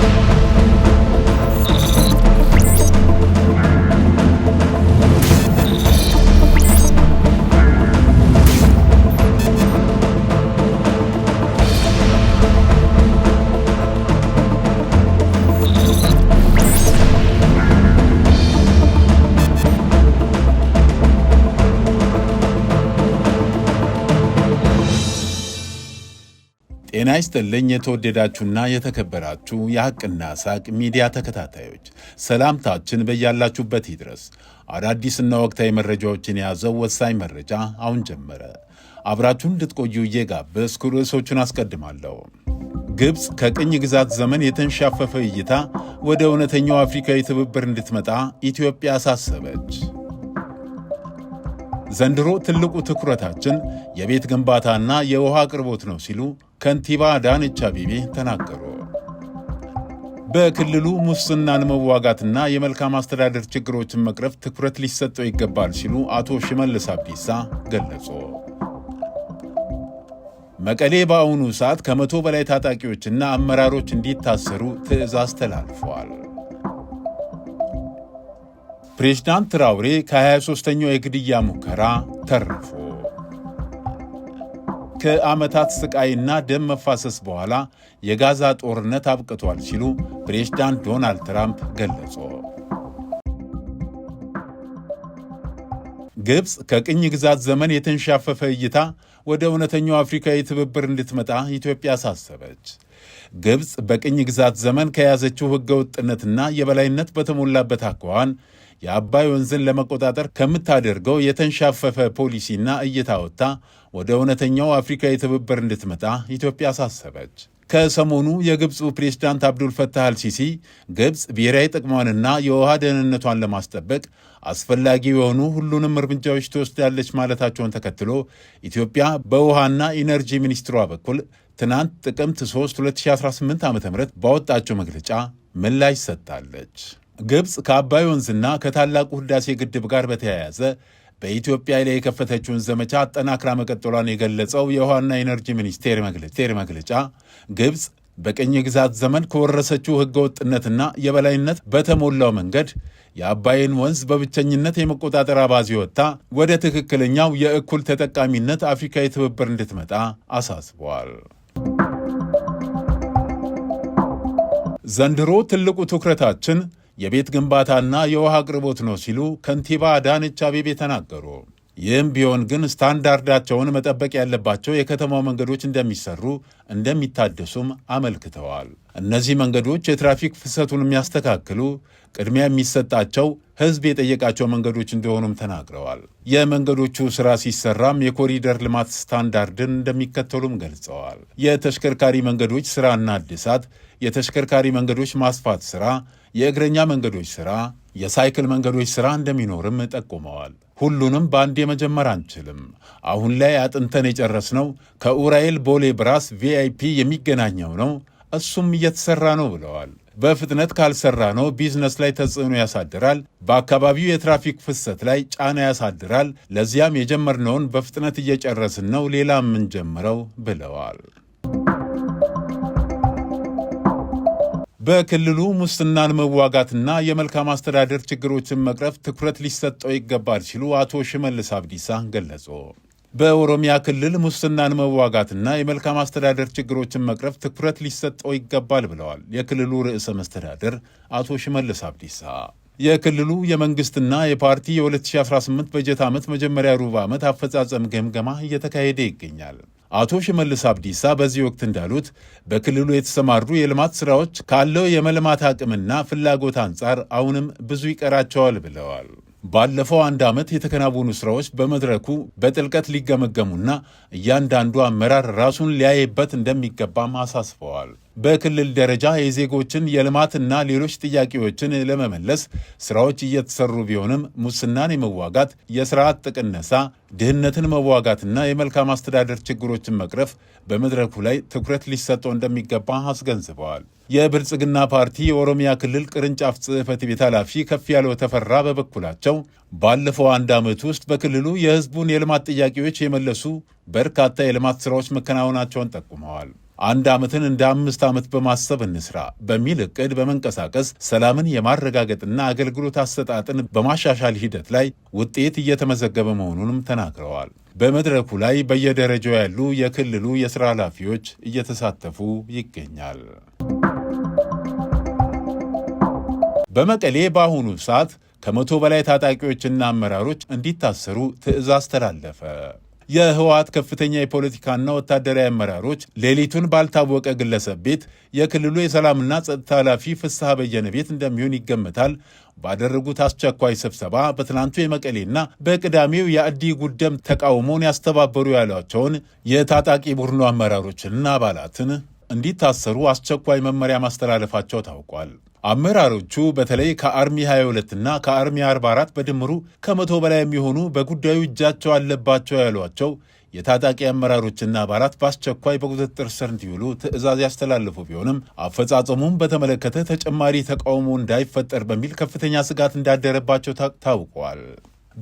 Thank you. ጤና ይስጥልኝ የተወደዳችሁና የተከበራችሁ የሐቅና ሳቅ ሚዲያ ተከታታዮች ሰላምታችን በያላችሁበት ይድረስ። አዳዲስና ወቅታዊ መረጃዎችን የያዘው ወሳኝ መረጃ አሁን ጀመረ። አብራችሁን እንድትቆዩ እየጋበዝኩ ርዕሶቹን አስቀድማለሁ። ግብፅ ከቅኝ ግዛት ዘመን የተንሻፈፈ እይታ ወደ እውነተኛው አፍሪካዊ ትብብር እንድትመጣ ኢትዮጵያ አሳሰበች። ዘንድሮ ትልቁ ትኩረታችን የቤት ግንባታና የውሃ አቅርቦት ነው ሲሉ ከንቲባ አዳነች አቤቤ ተናገሩ። በክልሉ ሙስናን መዋጋትና የመልካም አስተዳደር ችግሮችን መቅረፍ ትኩረት ሊሰጠው ይገባል ሲሉ አቶ ሽመልስ አብዲሳ ገለጹ። መቀሌ በአሁኑ ሰዓት ከመቶ በላይ ታጣቂዎችና አመራሮች እንዲታሰሩ ትዕዛዝ ተላልፈዋል። ፕሬዝዳንት ትራውሬ ከ23ኛው የግድያ ሙከራ ተርፎ። ከዓመታት ስቃይና ደም መፋሰስ በኋላ የጋዛ ጦርነት አብቅቷል ሲሉ ፕሬዝዳንት ዶናልድ ትራምፕ ገለጹ። ግብፅ ከቅኝ ግዛት ዘመን የተንሻፈፈ እይታ ወደ እውነተኛው አፍሪካዊ ትብብር እንድትመጣ ኢትዮጵያ አሳሰበች። ግብፅ በቅኝ ግዛት ዘመን ከያዘችው ሕገ ወጥነትና የበላይነት በተሞላበት አኳኋን የአባይ ወንዝን ለመቆጣጠር ከምታደርገው የተንሻፈፈ ፖሊሲና እይታ ወጥታ ወደ እውነተኛው አፍሪካዊ ትብብር እንድትመጣ ኢትዮጵያ አሳሰበች። ከሰሞኑ የግብፁ ፕሬዝዳንት አብዱል ፈታህ አልሲሲ ግብፅ ብሔራዊ ጥቅሟንና የውሃ ደህንነቷን ለማስጠበቅ አስፈላጊ የሆኑ ሁሉንም እርምጃዎች ትወስዳለች ማለታቸውን ተከትሎ ኢትዮጵያ በውሃና ኢነርጂ ሚኒስትሯ በኩል ትናንት ጥቅምት 3 2018 ዓ ም ባወጣቸው መግለጫ ምላሽ ሰጥታለች። ግብፅ ከአባይ ወንዝና ከታላቁ ህዳሴ ግድብ ጋር በተያያዘ በኢትዮጵያ ላይ የከፈተችውን ዘመቻ አጠናክራ መቀጠሏን የገለጸው የውሃና ኤነርጂ ሚኒስቴር መግለጫ ግብፅ በቅኝ ግዛት ዘመን ከወረሰችው ህገ ወጥነትና የበላይነት በተሞላው መንገድ የአባይን ወንዝ በብቸኝነት የመቆጣጠር አባዜ ወጥታ ወደ ትክክለኛው የእኩል ተጠቃሚነት አፍሪካዊ ትብብር እንድትመጣ አሳስቧል። ዘንድሮ ትልቁ ትኩረታችን የቤት ግንባታና የውሃ አቅርቦት ነው ሲሉ ከንቲባ አዳነች አቤቤ ተናገሩ። ይህም ቢሆን ግን ስታንዳርዳቸውን መጠበቅ ያለባቸው የከተማው መንገዶች እንደሚሰሩ እንደሚታደሱም አመልክተዋል። እነዚህ መንገዶች የትራፊክ ፍሰቱን የሚያስተካክሉ ቅድሚያ የሚሰጣቸው ህዝብ የጠየቃቸው መንገዶች እንደሆኑም ተናግረዋል። የመንገዶቹ ስራ ሲሰራም የኮሪደር ልማት ስታንዳርድን እንደሚከተሉም ገልጸዋል። የተሽከርካሪ መንገዶች ስራና እድሳት፣ የተሽከርካሪ መንገዶች ማስፋት ስራ፣ የእግረኛ መንገዶች ስራ፣ የሳይክል መንገዶች ስራ እንደሚኖርም ጠቁመዋል። ሁሉንም በአንዴ መጀመር አንችልም። አሁን ላይ አጥንተን የጨረስነው ከኡራኤል ቦሌ ብራስ ቪአይፒ የሚገናኘው ነው። እሱም እየተሰራ ነው ብለዋል። በፍጥነት ካልሰራ ነው ቢዝነስ ላይ ተጽዕኖ ያሳድራል፣ በአካባቢው የትራፊክ ፍሰት ላይ ጫና ያሳድራል። ለዚያም የጀመርነውን በፍጥነት እየጨረስን ነው፣ ሌላ የምንጀምረው ብለዋል። በክልሉ ሙስናን መዋጋትና የመልካም አስተዳደር ችግሮችን መቅረፍ ትኩረት ሊሰጠው ይገባል ሲሉ አቶ ሽመልስ አብዲሳ ገለጹ። በኦሮሚያ ክልል ሙስናን መዋጋትና የመልካም አስተዳደር ችግሮችን መቅረፍ ትኩረት ሊሰጠው ይገባል ብለዋል የክልሉ ርዕሰ መስተዳደር አቶ ሽመልስ አብዲሳ። የክልሉ የመንግስትና የፓርቲ የ2018 በጀት ዓመት መጀመሪያ ሩብ ዓመት አፈጻጸም ገምገማ እየተካሄደ ይገኛል። አቶ ሽመልስ አብዲሳ በዚህ ወቅት እንዳሉት በክልሉ የተሰማሩ የልማት ስራዎች ካለው የመልማት አቅምና ፍላጎት አንጻር አሁንም ብዙ ይቀራቸዋል ብለዋል። ባለፈው አንድ ዓመት የተከናወኑ ስራዎች በመድረኩ በጥልቀት ሊገመገሙና እያንዳንዱ አመራር ራሱን ሊያይበት እንደሚገባም አሳስበዋል። በክልል ደረጃ የዜጎችን የልማትና ሌሎች ጥያቄዎችን ለመመለስ ስራዎች እየተሰሩ ቢሆንም ሙስናን የመዋጋት፣ የስርዓት ጥቅነሳ፣ ድህነትን መዋጋትና የመልካም አስተዳደር ችግሮችን መቅረፍ በመድረኩ ላይ ትኩረት ሊሰጠው እንደሚገባ አስገንዝበዋል። የብልጽግና ፓርቲ የኦሮሚያ ክልል ቅርንጫፍ ጽሕፈት ቤት ኃላፊ ከፍ ያለው ተፈራ በበኩላቸው ባለፈው አንድ ዓመት ውስጥ በክልሉ የህዝቡን የልማት ጥያቄዎች የመለሱ በርካታ የልማት ሥራዎች መከናወናቸውን ጠቁመዋል። አንድ ዓመትን እንደ አምስት ዓመት በማሰብ እንስራ በሚል ዕቅድ በመንቀሳቀስ ሰላምን የማረጋገጥና አገልግሎት አሰጣጥን በማሻሻል ሂደት ላይ ውጤት እየተመዘገበ መሆኑንም ተናግረዋል። በመድረኩ ላይ በየደረጃው ያሉ የክልሉ የሥራ ኃላፊዎች እየተሳተፉ ይገኛል። በመቀሌ በአሁኑ ሰዓት ከመቶ በላይ ታጣቂዎችና አመራሮች እንዲታሰሩ ትዕዛዝ ተላለፈ። የህወሓት ከፍተኛ የፖለቲካና ወታደራዊ አመራሮች ሌሊቱን ባልታወቀ ግለሰብ ቤት የክልሉ የሰላምና ጸጥታ ኃላፊ ፍስሐ በየነ ቤት እንደሚሆን ይገመታል ባደረጉት አስቸኳይ ስብሰባ በትናንቱ የመቀሌና በቅዳሜው የአዲ ጉደም ተቃውሞን ያስተባበሩ ያሏቸውን የታጣቂ ቡድኑ አመራሮችንና አባላትን እንዲታሰሩ አስቸኳይ መመሪያ ማስተላለፋቸው ታውቋል። አመራሮቹ በተለይ ከአርሚ 22 እና ከአርሚ 44 በድምሩ ከመቶ በላይ የሚሆኑ በጉዳዩ እጃቸው አለባቸው ያሏቸው የታጣቂ አመራሮችና አባላት በአስቸኳይ በቁጥጥር ስር እንዲውሉ ትዕዛዝ ያስተላልፉ ቢሆንም አፈጻጸሙን በተመለከተ ተጨማሪ ተቃውሞ እንዳይፈጠር በሚል ከፍተኛ ስጋት እንዳደረባቸው ታውቋል።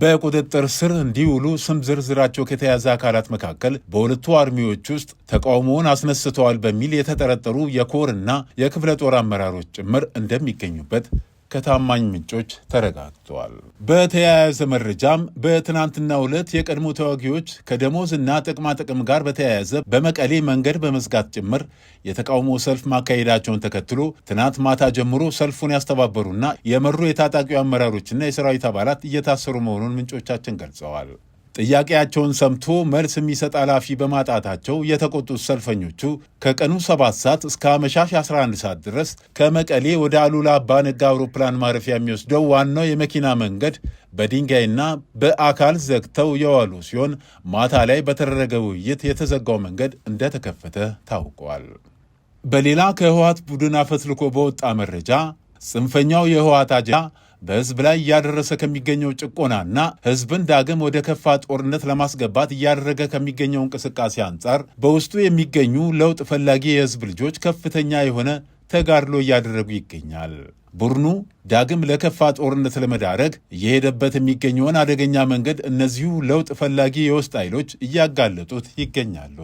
በቁጥጥር ስር እንዲውሉ ስም ዝርዝራቸው ከተያዘ አካላት መካከል በሁለቱ አርሚዎች ውስጥ ተቃውሞውን አስነስተዋል በሚል የተጠረጠሩ የኮር እና የክፍለ ጦር አመራሮች ጭምር እንደሚገኙበት ከታማኝ ምንጮች ተረጋግጧል። በተያያዘ መረጃም በትናንትና ዕለት የቀድሞ ተዋጊዎች ከደሞዝና ጥቅማጥቅም ጋር በተያያዘ በመቀሌ መንገድ በመዝጋት ጭምር የተቃውሞ ሰልፍ ማካሄዳቸውን ተከትሎ ትናንት ማታ ጀምሮ ሰልፉን ያስተባበሩና የመሩ የታጣቂው አመራሮችና የሰራዊት አባላት እየታሰሩ መሆኑን ምንጮቻችን ገልጸዋል። ጥያቄያቸውን ሰምቶ መልስ የሚሰጥ ኃላፊ በማጣታቸው የተቆጡት ሰልፈኞቹ ከቀኑ 7 ሰዓት እስከ አመሻሽ 11 ሰዓት ድረስ ከመቀሌ ወደ አሉላ አባ ነጋ አውሮፕላን ማረፊያ የሚወስደው ዋናው የመኪና መንገድ በድንጋይና በአካል ዘግተው የዋሉ ሲሆን ማታ ላይ በተደረገ ውይይት የተዘጋው መንገድ እንደተከፈተ ታውቋል። በሌላ ከህወሓት ቡድን አፈትልኮ በወጣ መረጃ ጽንፈኛው የህወሓት አጃ በህዝብ ላይ እያደረሰ ከሚገኘው ጭቆናና ህዝብን ዳግም ወደ ከፋ ጦርነት ለማስገባት እያደረገ ከሚገኘው እንቅስቃሴ አንጻር በውስጡ የሚገኙ ለውጥ ፈላጊ የህዝብ ልጆች ከፍተኛ የሆነ ተጋድሎ እያደረጉ ይገኛል። ቡድኑ ዳግም ለከፋ ጦርነት ለመዳረግ እየሄደበት የሚገኘውን አደገኛ መንገድ እነዚሁ ለውጥ ፈላጊ የውስጥ ኃይሎች እያጋለጡት ይገኛሉ።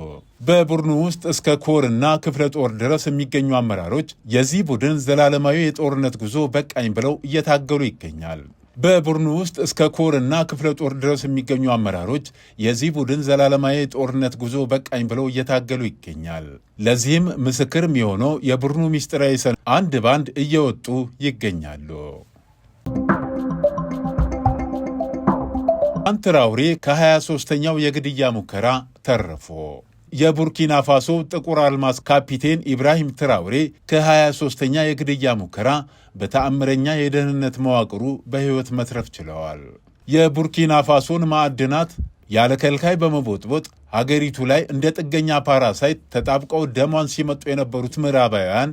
በቡድኑ ውስጥ እስከ ኮርና ክፍለ ጦር ድረስ የሚገኙ አመራሮች የዚህ ቡድን ዘላለማዊ የጦርነት ጉዞ በቃኝ ብለው እየታገሉ ይገኛል። በቡድኑ ውስጥ እስከ ኮር እና ክፍለ ጦር ድረስ የሚገኙ አመራሮች የዚህ ቡድን ዘላለማዊ ጦርነት ጉዞ በቃኝ ብለው እየታገሉ ይገኛል። ለዚህም ምስክር የሚሆነው የቡድኑ ሚስጢራዊ ሰነድ አንድ ባንድ እየወጡ ይገኛሉ። አንትራውሬ ከ23ኛው የግድያ ሙከራ ተረፎ የቡርኪና ፋሶ ጥቁር አልማዝ ካፒቴን ኢብራሂም ትራውሬ ከ23ኛ የግድያ ሙከራ በተአምረኛ የደህንነት መዋቅሩ በሕይወት መትረፍ ችለዋል። የቡርኪና ፋሶን ማዕድናት ያለ ከልካይ በመቦጥቦጥ ሀገሪቱ ላይ እንደ ጥገኛ ፓራሳይት ተጣብቀው ደሟን ሲመጡ የነበሩት ምዕራባውያን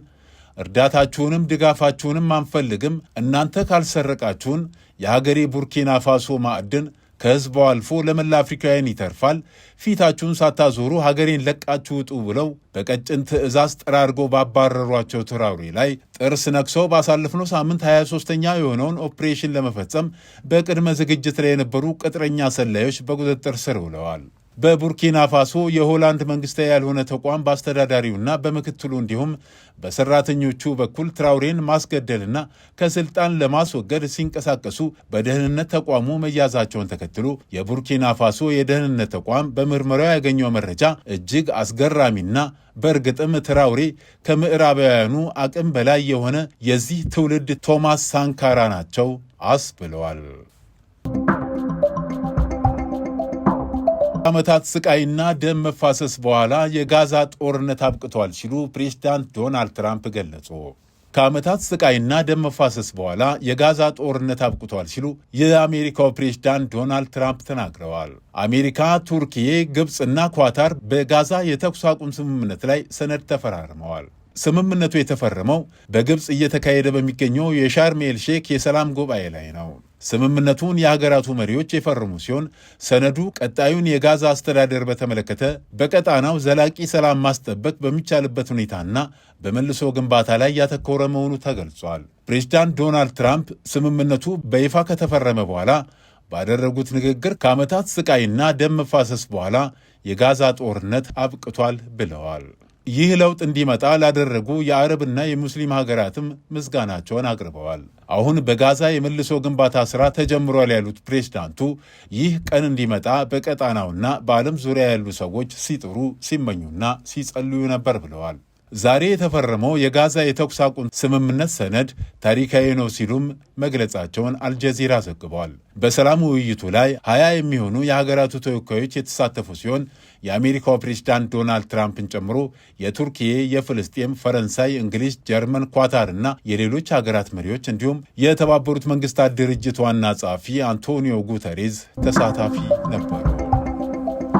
እርዳታችሁንም ድጋፋችሁንም አንፈልግም፣ እናንተ ካልሰረቃችሁን የሀገሬ ቡርኪና ፋሶ ማዕድን ከህዝቧ አልፎ ለመላ አፍሪካውያን ይተርፋል። ፊታችሁን ሳታዞሩ ሀገሬን ለቃችሁ ውጡ ብለው በቀጭን ትዕዛዝ ጠራርጎ ባባረሯቸው ትራውሬ ላይ ጥርስ ነክሰው ባሳለፍነው ሳምንት 23ኛ የሆነውን ኦፕሬሽን ለመፈጸም በቅድመ ዝግጅት ላይ የነበሩ ቅጥረኛ ሰላዮች በቁጥጥር ስር ውለዋል። በቡርኪና ፋሶ የሆላንድ መንግስታዊ ያልሆነ ተቋም በአስተዳዳሪውና በምክትሉ እንዲሁም በሰራተኞቹ በኩል ትራውሬን ማስገደልና ከስልጣን ለማስወገድ ሲንቀሳቀሱ በደህንነት ተቋሙ መያዛቸውን ተከትሎ የቡርኪና ፋሶ የደህንነት ተቋም በምርመራው ያገኘው መረጃ እጅግ አስገራሚና በእርግጥም ትራውሬ ከምዕራባውያኑ አቅም በላይ የሆነ የዚህ ትውልድ ቶማስ ሳንካራ ናቸው አስ ብለዋል። ዓመታት ስቃይና ደም መፋሰስ በኋላ የጋዛ ጦርነት አብቅቷል ሲሉ ፕሬዝዳንት ዶናልድ ትራምፕ ገለጹ። ከዓመታት ስቃይና ደም መፋሰስ በኋላ የጋዛ ጦርነት አብቅቷል ሲሉ የአሜሪካው ፕሬዝዳንት ዶናልድ ትራምፕ ተናግረዋል። አሜሪካ፣ ቱርክዬ፣ ግብፅና ኳታር በጋዛ የተኩስ አቁም ስምምነት ላይ ሰነድ ተፈራርመዋል። ስምምነቱ የተፈረመው በግብፅ እየተካሄደ በሚገኘው የሻርሜል ሼክ የሰላም ጉባኤ ላይ ነው። ስምምነቱን የሀገራቱ መሪዎች የፈረሙ ሲሆን ሰነዱ ቀጣዩን የጋዛ አስተዳደር በተመለከተ በቀጣናው ዘላቂ ሰላም ማስጠበቅ በሚቻልበት ሁኔታና በመልሶ ግንባታ ላይ ያተኮረ መሆኑ ተገልጿል። ፕሬዚዳንት ዶናልድ ትራምፕ ስምምነቱ በይፋ ከተፈረመ በኋላ ባደረጉት ንግግር ከዓመታት ስቃይና ደም መፋሰስ በኋላ የጋዛ ጦርነት አብቅቷል ብለዋል። ይህ ለውጥ እንዲመጣ ላደረጉ የአረብና የሙስሊም ሀገራትም ምስጋናቸውን አቅርበዋል። አሁን በጋዛ የመልሶ ግንባታ ስራ ተጀምሯል ያሉት ፕሬዝዳንቱ ይህ ቀን እንዲመጣ በቀጣናውና በዓለም ዙሪያ ያሉ ሰዎች ሲጥሩ ሲመኙና ሲጸልዩ ነበር ብለዋል። ዛሬ የተፈረመው የጋዛ የተኩስ አቁም ስምምነት ሰነድ ታሪካዊ ነው ሲሉም መግለጻቸውን አልጀዚራ ዘግበዋል። በሰላም ውይይቱ ላይ ሀያ የሚሆኑ የሀገራቱ ተወካዮች የተሳተፉ ሲሆን የአሜሪካው ፕሬዚዳንት ዶናልድ ትራምፕን ጨምሮ የቱርኪዬ፣ የፍልስጤም፣ ፈረንሳይ፣ እንግሊዝ፣ ጀርመን፣ ኳታር እና የሌሎች ሀገራት መሪዎች እንዲሁም የተባበሩት መንግስታት ድርጅት ዋና ጸሐፊ አንቶኒዮ ጉተሬዝ ተሳታፊ ነበሩ።